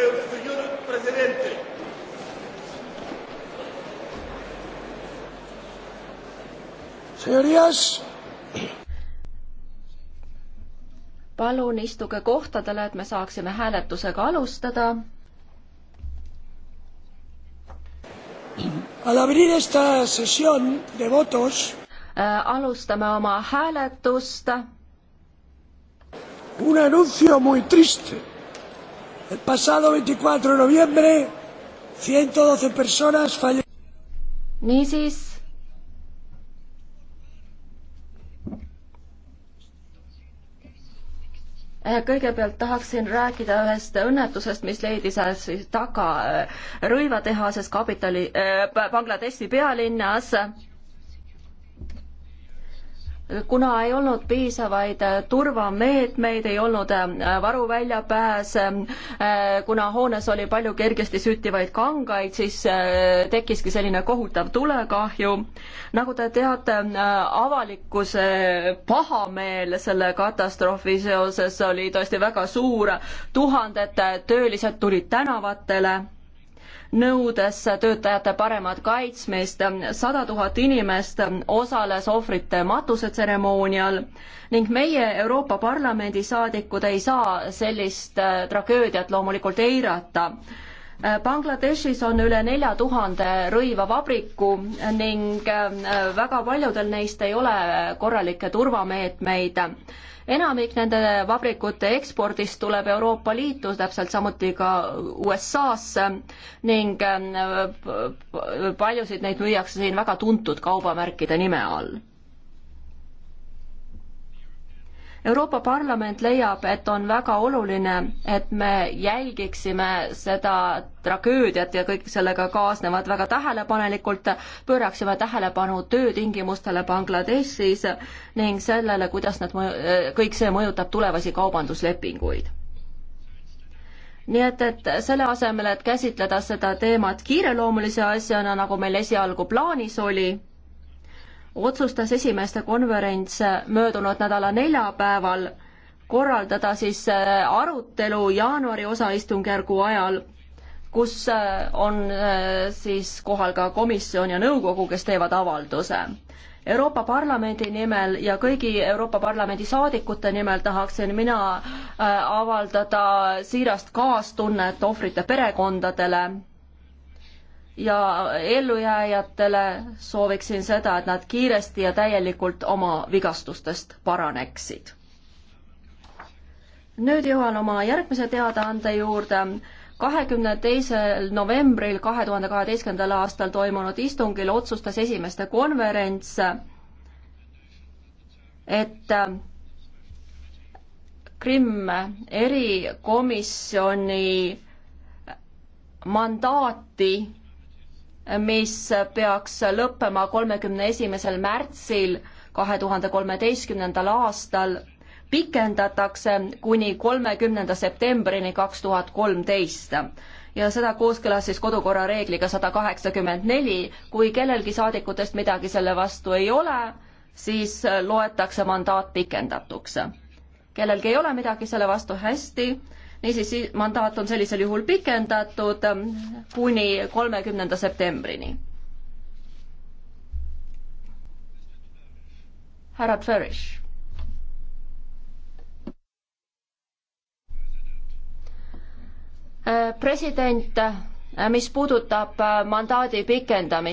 Signor Presidente. Señorías. palun istuge kohtadele, et me saaksime hääletusega alustada. Al abrir esta sesión de votos äh, alustame oma hääletust. Un anuncio muy triste El pasado 24 de noviembre, 112 personas fallecieron. Niisiis. Äh, kõigepealt tahaksin rääkida ühest õnnetusest, mis leidis siis taga äh, rõivatehases kapitali äh,, Bangladeshi pealinnas kuna ei olnud piisavaid äh, turvameetmeid, ei olnud äh, varuväljapääse, äh, kuna hoones oli palju kergesti süttivaid kangaid, siis tekkiski selline kohutav tulekahju. nagu te teate, avalikkuse pahameel selle katastroofi seoses oli tõesti väga suur, tuhanded töölised tulid tänavatele nõudes töötajate paremat kaitsmist. sada tuhat inimest osales ohvrite matusetseremoonial ning meie Euroopa Parlamendi saadikud ei saa sellist äh, tragöödiat loomulikult eirata Äh, Bangladeshis on üle nelja tuhande rõivavabriku ning äh, väga paljudel neist ei ole korralikke turvameetmeid. enamik nende vabrikute ekspordist tuleb Euroopa Liitu, täpselt samuti ka USA-sse ning äh, paljusid neid müüakse siin väga tuntud kaubamärkide nime all Euroopa Parlament leiab, et on väga oluline, et me jälgiksime seda tragöödiat ja kõik sellega kaasnevad väga tähelepanelikult, pööraksime tähelepanu töötingimustele Bangladeshis ning sellele, kuidas nad, kõik see mõjutab tulevasi kaubanduslepinguid nii et, et selle asemel, et käsitleda seda teemat kiireloomulise asjana, nagu meil esialgu plaanis oli, otsustas esimeeste konverents möödunud nädala neljapäeval korraldada siis äh, arutelu jaanuari osaistungjärgu ajal, kus äh, on äh, siis kohal ka komisjon ja nõukogu, kes teevad avalduse. Euroopa Parlamendi nimel ja kõigi Euroopa Parlamendi saadikute nimel tahaksin mina avaldada siirast kaastunnet ohvrite perekondadele ja ellujääjatele sooviksin seda, et nad kiiresti ja täielikult oma vigastustest paraneksid. nüüd jõuan oma järgmise teadaande juurde. kahekümne teisel novembril kahe tuhande kaheteistkümnendal aastal toimunud istungil otsustas esimeste konverents, et Krimm erikomisjoni mandaati mis peaks lõppema kolmekümne esimesel märtsil kahe tuhande kolmeteistkümnendal aastal, pikendatakse kuni kolmekümnenda septembrini kaks tuhat kolmteist ja seda kooskõlas siis kodukorra reegliga sada kaheksakümmend neli. kui kellelgi saadikutest midagi selle vastu ei ole, siis loetakse mandaat pikendatuks. kellelgi ei ole midagi selle vastu, hästi, niisiis, mandaat on sellisel juhul pikendatud ähm, kuni kolmekümnenda septembrini. härra Tverish. Äh, president, äh, mis puudutab äh, mandaadi pikendamist,